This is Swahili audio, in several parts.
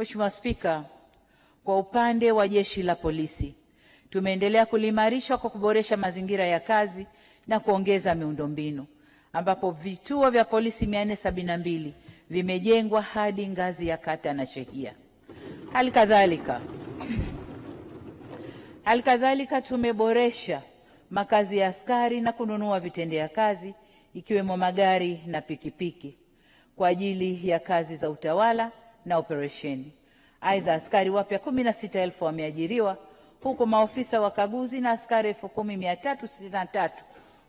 Mheshimiwa Spika, kwa upande wa Jeshi la Polisi tumeendelea kuliimarisha kwa kuboresha mazingira ya kazi na kuongeza miundombinu ambapo vituo vya polisi 472 vimejengwa hadi ngazi ya kata na shehia. halikadhalika halikadhalika tumeboresha makazi ya askari na kununua vitendea kazi ikiwemo magari na pikipiki kwa ajili ya kazi za utawala na operesheni. Aidha, askari wapya 16,000 elfu wameajiriwa huku maofisa wakaguzi na askari elfu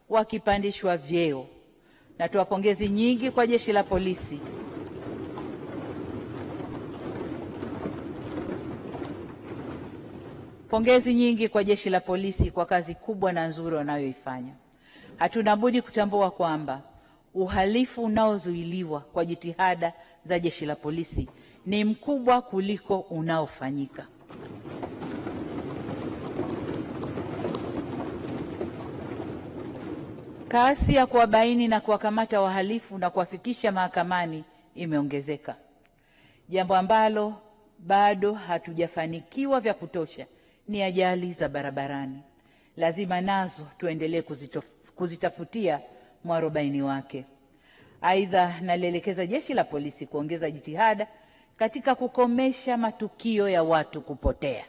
wakipandishwa vyeo. Natoa pongezi nyingi kwa jeshi la polisi pongezi nyingi kwa jeshi la polisi kwa kazi kubwa na nzuri wanayoifanya. Hatuna budi kutambua kwamba uhalifu unaozuiliwa kwa jitihada za jeshi la polisi ni mkubwa kuliko unaofanyika. Kasi ya kuwabaini na kuwakamata wahalifu na kuwafikisha mahakamani imeongezeka, jambo ambalo bado hatujafanikiwa vya kutosha ni ajali za barabarani. Lazima nazo tuendelee kuzitafutia mwarobaini wake. Aidha, nalielekeza jeshi la polisi kuongeza jitihada katika kukomesha matukio ya watu kupotea.